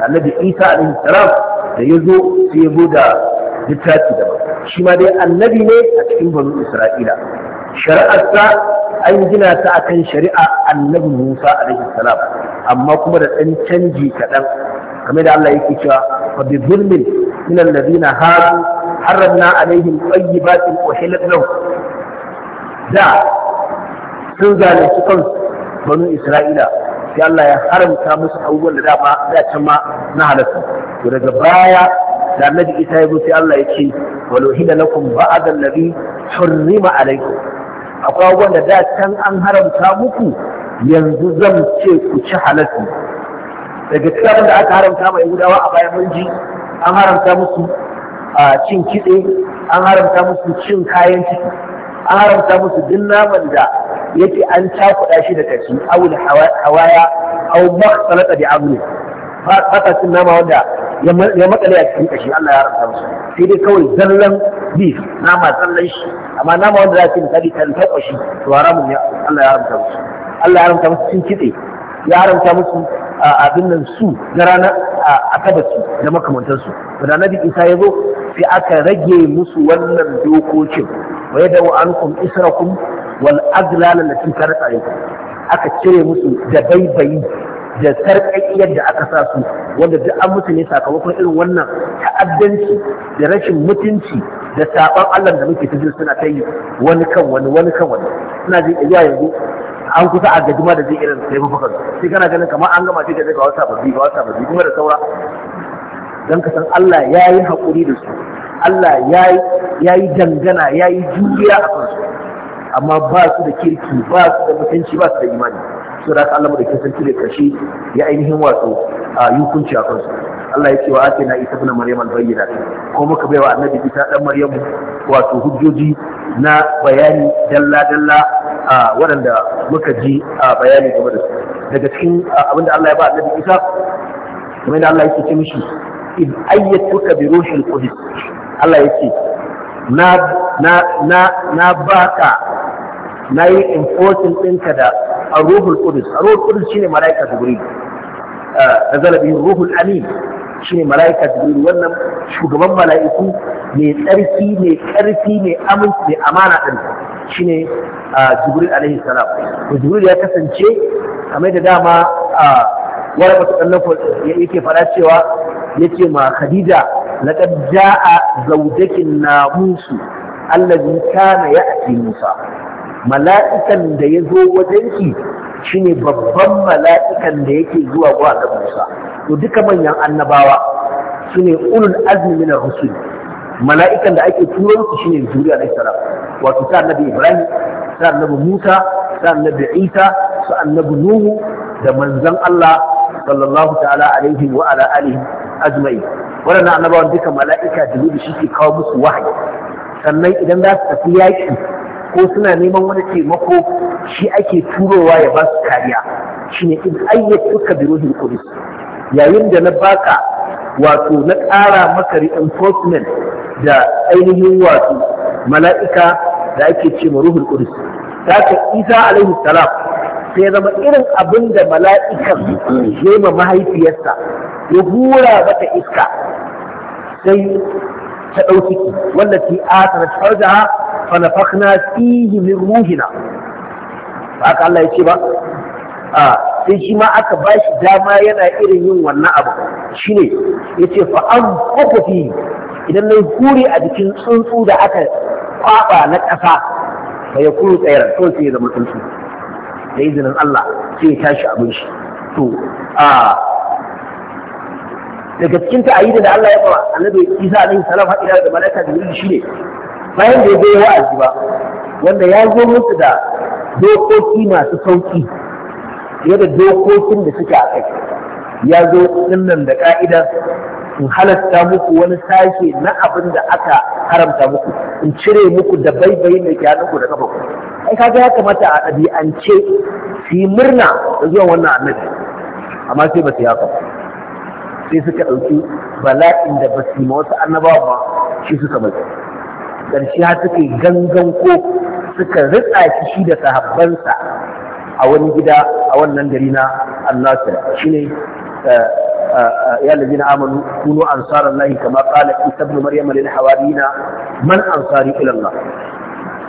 annabi Isa alaihi salam da ya zo sai ya zo da littafi daban shi ma dai annabi ne a cikin banu isra'ila shari'arsa an gina ta akan shari'a annabi musa alaihi salam amma kuma da ɗan canji kaɗan kamar da Allah yake cewa fa bi zulmin min alladhina hadu harramna alaihim tayyibatin uhillat lahum da sun zalunci kansu banu isra'ila sai Allah ya haramta musu abubuwan da dama da can ma na halatta to daga baya da annabi isa ya sai Allah ya ce walau kun ba a zallabi hurrima alaikum akwai abubuwan da da can an haramta muku yanzu zan ce ku ci halatu daga cikin abin da aka haramta mai gudawa a bayan mun ji an haramta musu cin kitse an haramta musu cin kayan ciki an haramta musu duk naman da yake an cakuɗa shi da kashi awul hawaya au maksalata bi amri fata cin nama wanda ya makale a cikin kashi Allah ya haramta musu sai dai kawai zallan beef nama zallan shi amma nama wanda za a ce misali kan taɓa shi to haramun ne Allah ya haramta musu Allah ya haramta musu cin kitse ya haramta musu abin nan su na rana a tabbaci da makamantansu to da nabi isa ya zo sai aka rage musu wannan dokokin wa yadau ankum israkum wal Azlala lati kanat alaykum aka cire musu da baibayi da sarƙaƙiyar da aka sa su wanda duk an mutu ne sakamakon irin wannan ta'addanci da rashin mutunci da saɓon Allah da muke tafiya suna ta yi wani kan wani wani kan wani suna zai zuwa yanzu an kusa a gajima da zai irin sai mafakar sai kana ganin kamar an gama zai ga wata babbi ga wata babbi kuma da saura don ka san Allah ya yi haƙuri da su Allah ya yi dangana ya yi juriya a kansu amma ba su da kirki ba su da mutunci ba su da imani so da Allah da kisan kire kashi ya ainihin wato a yukunci a kansu Allah ya ce wa ake na isa bin maryam albayyana ko muka baiwa annabi isa dan maryamu wato hujjoji na bayani dalla dalla a waɗanda muka ji a bayani game da su daga cikin abinda Allah ya ba annabi isa kuma da Allah yake ce mishi in ayyatuka bi ruhil qudus Allah yake na na na na baka na yi enforcing ɗinka da ruhul ƙudus ruhul ƙudus shine mala'ika jibril ah, na zalabi ruhul amin shine mala'ika jibril wannan shugaban mala'iku mai tsarki mai ƙarfi mai aminci mai amana ɗin shine ah, jibril alaihi salam to jibril ya kasance kamar da dama wani masu ɗan yake faɗa cewa ya ce ma khadija laƙad ja'a zaujakin namusu allazi kana ya'ti musa mala'ikan da ya zo wajenki shine babban mala'ikan da yake zuwa ga Musa to duka manyan annabawa sune ulul azmi na rusul mala'ikan da ake turo su shine Jibril na salam wato sa Annabi Ibrahim sa Annabi Musa sa Annabi Isa sa Annabi Nuhu da manzon Allah sallallahu ta'ala alaihi wa ala alihi azmai waɗannan annabawan duka mala'ika Jibril shi ke kawo musu wahayi sannan idan za su tafi yaƙi ko suna neman wani taimako shi ake turowa ya ba su kariya shine in ayyatuka bi ruhil qudus yayin da na baka wato na ƙara maka reinforcement da ainihin wato mala'ika da ake ce ma ruhul Ta ka isa alaihi salam sai zama irin abin da mala'ikan ya ma mahaifiyarsa ya hura mata iska sai ta wanda ciki wallati asarat farjaha fa nafakhna fihi min ruhina ba haka Allah ya ce ba sai shi ma aka ba shi dama yana irin yin wannan abu shine yace fa an kokofi idan nayi hure a jikin tsuntsu da aka kwaba na ƙasa ba ya kuru tsayar to sai ya zama tsuntsu da izinin Allah sai ya tashi abin shi to a daga cikin ayi da Allah ya bawa, annabi Isa alaihi salam har ila da malaika shi shine bayan da ya bai wa'azi ba wanda ya zo musu da dokoki masu sauki fiye da dokokin da suke a kai ya zo dinnan da ka'ida in halatta muku wani sashe na abin da aka haramta muku in cire muku da baibayi da ke hannunku da kafa ku ai kaga ya kamata a ɗabi'ance su yi murna da zuwan wannan annabi amma sai ba su yi haka sai suka ɗauki bala'in da ba su ma wasu annabawa ba shi suka mai ƙarshe har suka yi gangan ko suka ritsa shi shi da sahabbansa a wani gida a wannan gari na annasir shine يا الذين آمنوا كونوا أنصار الله كما قال عيسى ابن مريم للحواريين من أنصاري إلى الله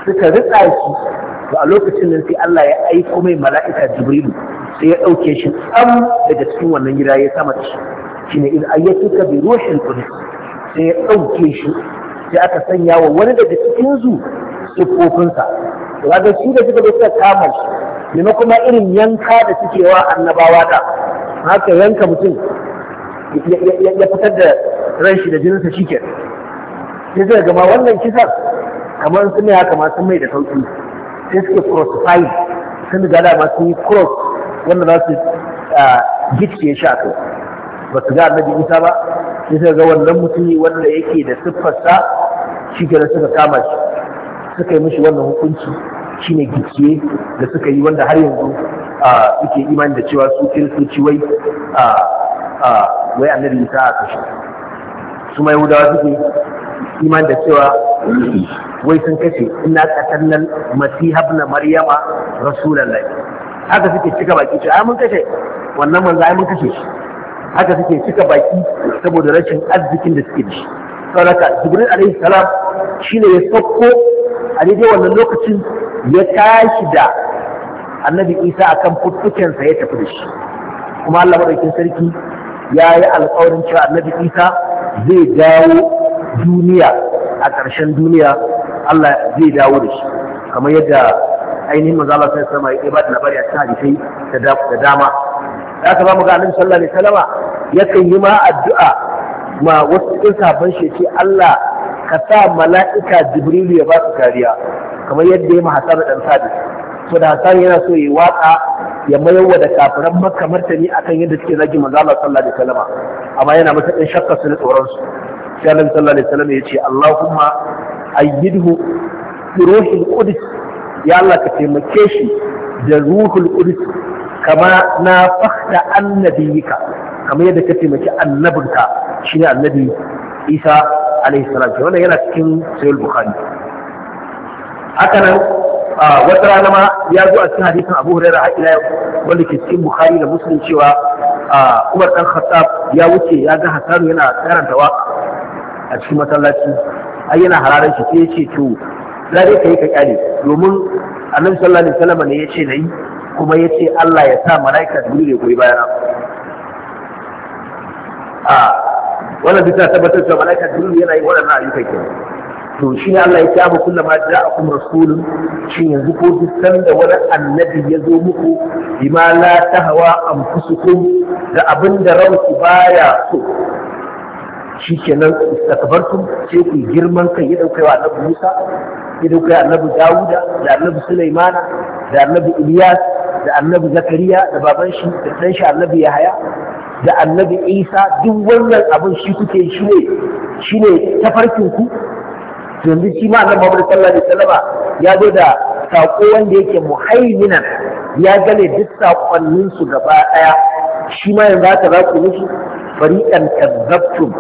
suka rika shi to a lokacin nan sai Allah ya aiko mai mala'ika Jibrilu sai ya ɗauke shi tsam daga cikin wannan gida ya sama shi shine in ayyatuka bi ruhin qudus sai ya dauke shi sai aka sanya wa wani daga cikin su sifofinsa kaga shi da suka suka kama shi ne kuma irin yanka da suke wa annabawa da haka yanka mutum ya fitar da ran shi da jininsa shike sai zai gama wannan kisan kamar sun ya haka sun mai da sauki sai suke crossify sun da dama sun yi cross wanda za su ah, gitse shi a kai ba su ga annabi isa ba sai suka ga wannan mutumi wanda yake da siffarsa shi kenan suka kama shi suka yi mishi wannan hukunci shine gicciye da suka yi wanda har yanzu a suke imani da cewa su kiristoci wai a wai annabi isa a kashe su ma yahudawa suke imani da cewa wai sun kashe ina katannan masiha ibn maryama rasulallah. haka suke cika baki ce ai mun kashe wannan manzo ai mun kashe shi haka suke cika baki saboda rashin arzikin da suke da shi saboda jibril alaihi salam shine ya sauko a daidai wannan lokacin ya tashi da annabi isa akan sa ya tafi da shi kuma allah maɗaukin sarki ya yi alƙawarin cewa annabi isa zai dawo duniya a ƙarshen duniya allah zai dawo da shi kamar yadda ainihin manzo Allah sai sama ya ba da labari a cikin hadisai da dama da aka zamu ga annabi sallallahu alaihi yakan yi ma addu'a ma wasu cikin sabon shi ce Allah ka sa mala'ika Jibrilu ya ba su kariya kamar yadda ya ma Hassan dan sadi to da Hassan yana so ya waka ya mayarwa da kafiran Makka martani akan yadda suke zagi manzo Allah sallallahu alaihi wasallama amma yana matakin shakka su na tsoron su sai Annabi sallallahu alaihi wasallama ya ce Allahumma ayyidhu bi ruhil qudus ya Allah ka taimake shi da ruhul qudus kama na fakta annabiyika kamar yadda ka taimaki annabinka shine annabi Isa alaihi salam wannan yana cikin sahih bukhari haka nan wata rana ma ya zo a cikin hadisin Abu Hurairah har ila wanda ke cikin Bukhari da Muslim cewa Umar dan Khattab ya wuce ya ga Hassan yana karanta a cikin masallaci ai yana hararar shi sai ya ce to za kai ka kyale domin Annabi sallallahu alaihi wasallam ne ya ce yi. kuma ya ce Allah ya sa mala'ika jibril ya goyi bayana a wannan bisa tabbatar da mala'ika jibril yana yi waɗannan ayyuka ke to shi ne Allah ya ce abu kullum ma ja'a kuma rasulun shi yanzu ko duk sanda wani annabi ya zo muku bima la hawa anfusukum da abinda ranku baya so shikenan istakbartum sai ku girman kai ya daukai wa annabi Musa ya daukai annabi Dawuda da annabi Sulaimana da annabi Iliyas, da annabi Zakariya da baban shi da dan shi annabi Yahaya da annabi Isa duk wannan abin shi kuke shi ne shine tafarkin ku yanzu shi ma annabi Muhammad sallallahu alaihi wasallama ya zo da saƙo wanda yake muhaiminan ya gane duk saƙonninsu gaba ɗaya. shi ma yanzu haka za ku musu fariƙan kadzabtum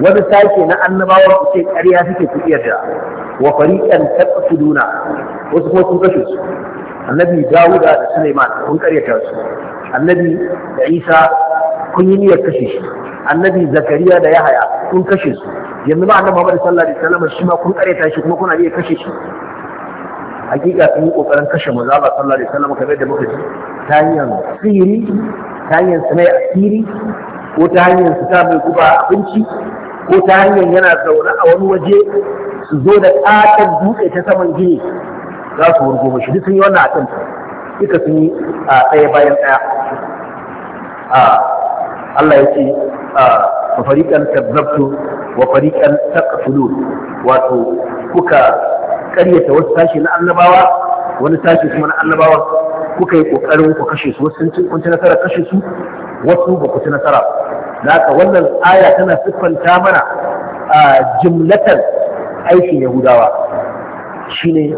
wani sashe na annabawa ku ce ƙarya suke ku iya da wa fariqan taqtuluna wasu kuma kun kashe su annabi Dawuda da Suleiman kun ƙaryata su annabi da Isa kun yi niyyar kashe shi annabi Zakariya da Yahaya kun kashe su yanzu ma annabi Muhammad sallallahu alaihi wasallam shi ma kun ƙaryata shi kuma kuna iya kashe shi hakika sun yi kokarin kashe manzo Allah sallallahu alaihi wasallam kamar da muka ji ta hanyar sihiri ta hanyar sanai asiri ko ta hanyar su ta mai guba abinci ko ta hanyar yana zaune a wani waje su zo da ƙatar dutse ta saman gini za su wurgo mashi duk sun yi wannan akan duka sun yi a ɗaya bayan ɗaya Allah ya ce fa fariqan kadzabtu wa fariqan taqtulun wato kuka karyata wasu sashi na annabawa wani sashi kuma na annabawa kuka yi kokarin ku kashe su wasu sun kun ci nasara kashe su wasu ba ku ci nasara da haka wannan aya tana siffanta mana a jimlatan aikin yahudawa shine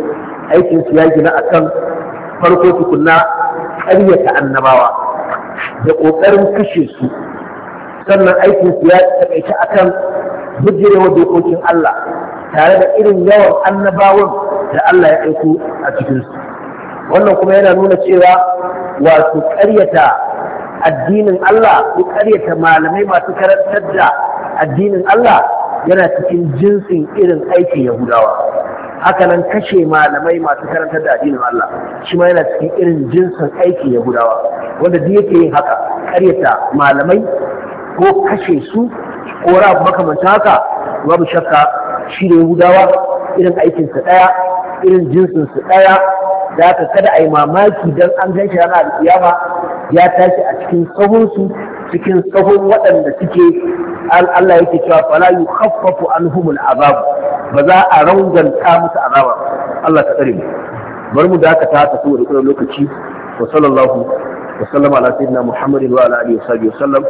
aikin su ya gina akan farko tukunna karyata annabawa da kokarin kashe su sannan aikin su ya taƙaice akan bijirewa dokokin Allah tare da irin yawan annabawan da Allah ya aiko a cikinsu wannan kuma yana nuna cewa wato ƙaryata addinin Allah ko ƙaryata malamai masu karantar da addinin Allah yana cikin jinsin irin aikin Yahudawa hakanan kashe malamai masu karantar da addinin Allah shi ma yana cikin irin jinsin aikin Yahudawa wanda duk yake yin haka ƙaryata malamai ko kashe su ko rabu makamanta haka babu shakka shi da yahudawa irin aikinsa ɗaya irin jinsinsu ɗaya za ka kada a yi mamaki don an gan shi ranar alƙiyama ya tashi a cikin sahunsu cikin sahun waɗanda suke Allah yake cewa fala yukhaffafu anhumul azab ba za a ranganta musu azaba Allah ka tsare mu bari mu dakata haka saboda lokaci wa sallallahu wa sallama ala sayyidina Muhammadin wa ala alihi wa sahbihi wa sallam